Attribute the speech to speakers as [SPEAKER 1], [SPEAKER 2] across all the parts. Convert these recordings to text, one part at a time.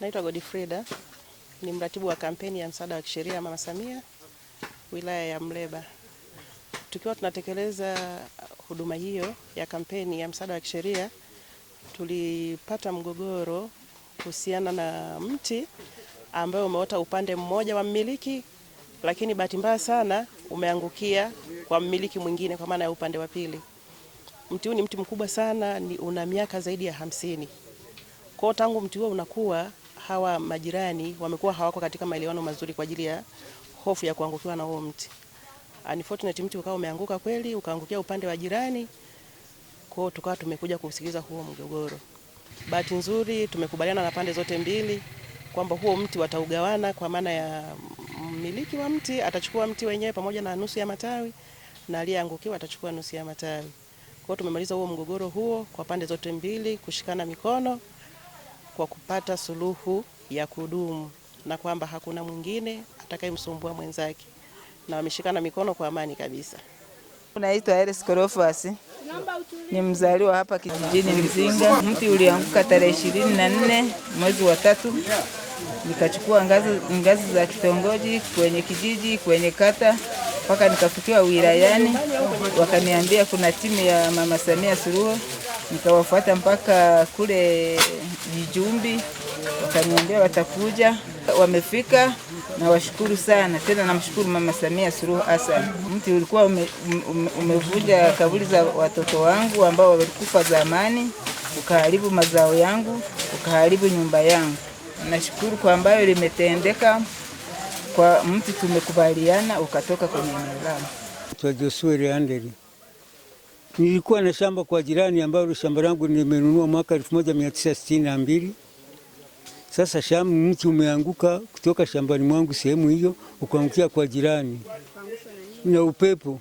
[SPEAKER 1] Naitwa Godfrida, ni mratibu wa kampeni ya msaada wa kisheria Mama Samia wilaya ya Mleba. Tukiwa tunatekeleza huduma hiyo ya kampeni ya msaada wa kisheria, tulipata mgogoro kuhusiana na mti ambayo umeota upande mmoja wa mmiliki, lakini bahati mbaya sana umeangukia kwa mmiliki mwingine, kwa maana ya upande wa pili. Mti huu ni mti mkubwa sana, ni una miaka zaidi ya hamsini. Kwa tangu mti huo unakuwa hawa majirani wamekuwa hawako katika maelewano mazuri kwa ajili ya hofu ya kuangukiwa na huo mti. Unfortunately mti ukawa umeanguka kweli, ukaangukia upande wa jirani, kwa hiyo tukawa tumekuja kusikiliza huo mgogoro. Bahati nzuri tumekubaliana na pande zote mbili kwamba huo mti wataugawana kwa maana ya mmiliki wa mti atachukua mti wenyewe pamoja na nusu ya matawi na aliyeangukiwa atachukua nusu ya matawi. Kwa hiyo tumemaliza huo mgogoro huo kwa pande zote mbili kushikana mikono kwa kupata suluhu ya kudumu na kwamba hakuna mwingine atakayemsumbua mwenzake na wameshikana mikono kwa amani kabisa.
[SPEAKER 2] Unaitwa Elis Korofas, ni mzaliwa hapa kijijini Mzinga. Mti ulianguka tarehe ishirini na nne mwezi wa tatu, nikachukua ngazi, ngazi za kitongoji kwenye kijiji kwenye kata mpaka nikafikiwa wilayani, wakaniambia kuna timu ya Mama Samia Suluhu nikawafuata mpaka kule Jijumbi, wakaniambia watakuja. Wamefika, nawashukuru sana tena. Namshukuru Mama Samia Suluhu Hassan. Mti ulikuwa ume, ume, umevunja kaburi za watoto wangu ambao walikufa zamani, ukaharibu mazao yangu, ukaharibu nyumba yangu. Nashukuru kwa ambayo limetendeka kwa mti, tumekubaliana ukatoka kwenye mlamo
[SPEAKER 3] Nilikuwa na shamba kwa jirani ambayo shamba langu nimenunua mwaka 1962. Sasa shamba mti umeanguka kutoka shambani mwangu sehemu hiyo ukaangukia kwa jirani na upepo.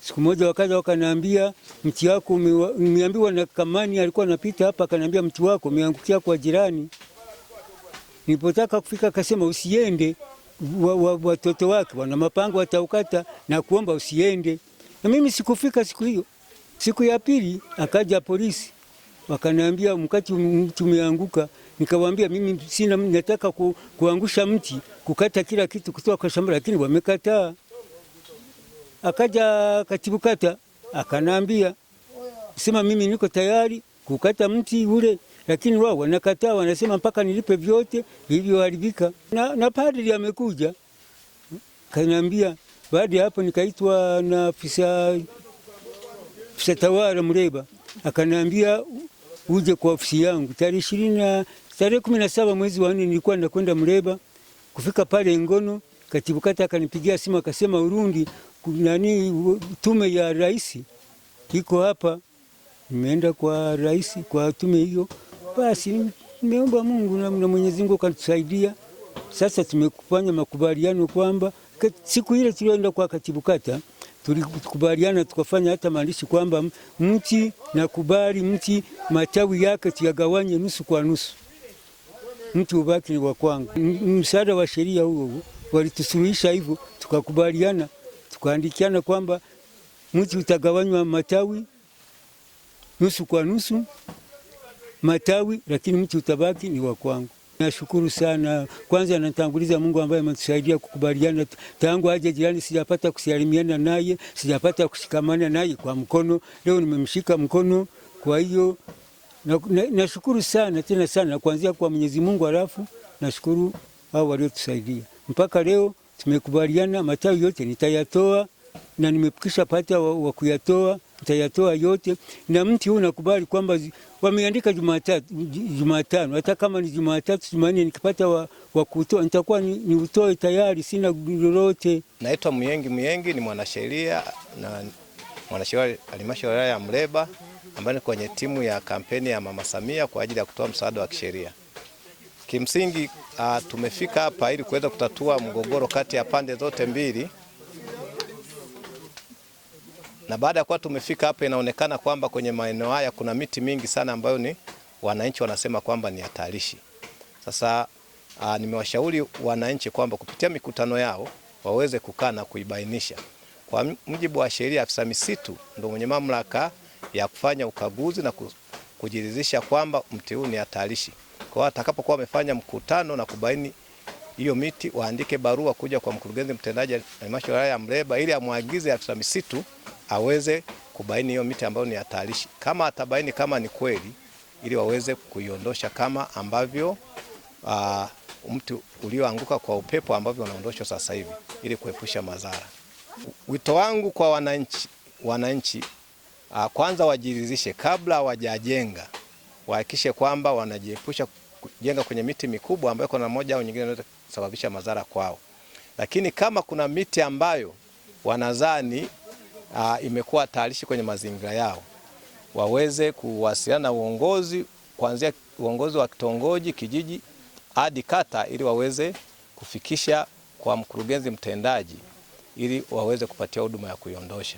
[SPEAKER 3] Siku moja wakaja wakaniambia mti wako, umeambiwa na kamani alikuwa anapita hapa, akaniambia mti wako umeangukia kwa jirani. Nilipotaka kufika akasema usiende, watoto wa, wa, wake wana mapanga wataukata na kuomba usiende. Na mimi sikufika siku hiyo. Siku ya pili akaja polisi wakaniambia mkati mti um, umeanguka. Nikawaambia mimi sina, nataka ku, kuangusha mti kukata kila kitu kutoka kwa shamba, lakini wamekataa. Akaja katibu kata akanambia sema mimi niko tayari kukata mti ule, lakini wao wanakataa, wanasema mpaka nilipe vyote vilivyoharibika. Na, na padri amekuja kaniambia baada ya hapo nikaitwa na afisa afisa tawala Mreba, akaniambia uje kwa ofisi yangu tarehe ishirini na tarehe kumi na saba mwezi wa nne nilikuwa nakwenda Mreba. Kufika pale Ngono, katibu kata akanipigia simu akasema, Urundi nani tume ya rais iko hapa. Nimeenda kwa rais kwa tume hiyo, basi nimeomba Mungu na Mwenyezi Mungu akatusaidia. Sasa tumekufanya makubaliano kwamba siku ile tulioenda kwa katibu kata tulikubaliana tukafanya hata maandishi kwamba mti nakubali mti matawi yake tuyagawanye nusu kwa nusu, mti ubaki ni wa kwangu. Msaada wa sheria huo walitusuluhisha hivyo, tukakubaliana tukaandikiana kwamba mti utagawanywa matawi nusu kwa nusu matawi, lakini mti utabaki ni wa kwangu. Nashukuru sana kwanza, natanguliza Mungu ambaye ametusaidia kukubaliana. Tangu aje jirani, sijapata kusalimiana naye, sijapata kushikamana naye kwa mkono. Leo nimemshika mkono, kwa hiyo nashukuru na, na sana tena sana kuanzia kwa Mwenyezi Mungu, alafu nashukuru hao waliotusaidia mpaka leo. Tumekubaliana matawi yote nitayatoa na nimepikisha pata wa, wa kuyatoa, nitayatoa yote, na mti huu nakubali kwamba wameandika Jumatatu, Jumatano. Hata kama ni Jumatatu, Jumanne nikipata wa, wa kutoa nitakuwa ni, ni utoe tayari, sina lolote.
[SPEAKER 4] Naitwa Muyengi Muyengi, ni mwanasheria na mwanasheria halmashauri ya Mleba ambaye ni kwenye timu ya kampeni ya Mama Samia kwa ajili ya kutoa msaada wa kisheria. Kimsingi uh, tumefika hapa ili kuweza kutatua mgogoro kati ya pande zote mbili na baada ya kuwa tumefika hapa, inaonekana kwamba kwenye maeneo haya kuna miti mingi sana ambayo ni wananchi wanasema kwamba ni hatarishi. Sasa ah, nimewashauri wananchi kwamba kupitia mikutano yao waweze kukaa na kuibainisha. Kwa mujibu wa sheria, afisa misitu ndio mwenye mamlaka ya kufanya ukaguzi na kujiridhisha kwamba mti huu ni hatarishi. Kwa hiyo atakapokuwa amefanya mkutano na kubaini hiyo miti, waandike barua kuja kwa mkurugenzi mtendaji halmashauri ya Mleba ili amwagize afisa misitu aweze kubaini hiyo miti ambayo ni hatarishi, kama atabaini kama ni kweli, ili waweze kuiondosha kama ambavyo uh, mti ulioanguka kwa upepo ambavyo unaondoshwa sasa hivi ili kuepusha madhara. Wito wangu kwa wananchi, wananchi uh, kwanza wajiridhishe kabla wajajenga, wahakikishe kwamba wanajiepusha kujenga kwenye miti mikubwa ambayo kuna moja au nyingine inaweza kusababisha madhara kwao, lakini kama kuna miti ambayo wanadhani uh, imekuwa hatarishi kwenye mazingira yao, waweze kuwasiliana na uongozi kuanzia uongozi wa kitongoji, kijiji hadi kata, ili waweze kufikisha kwa mkurugenzi mtendaji ili waweze kupatia huduma ya kuiondosha.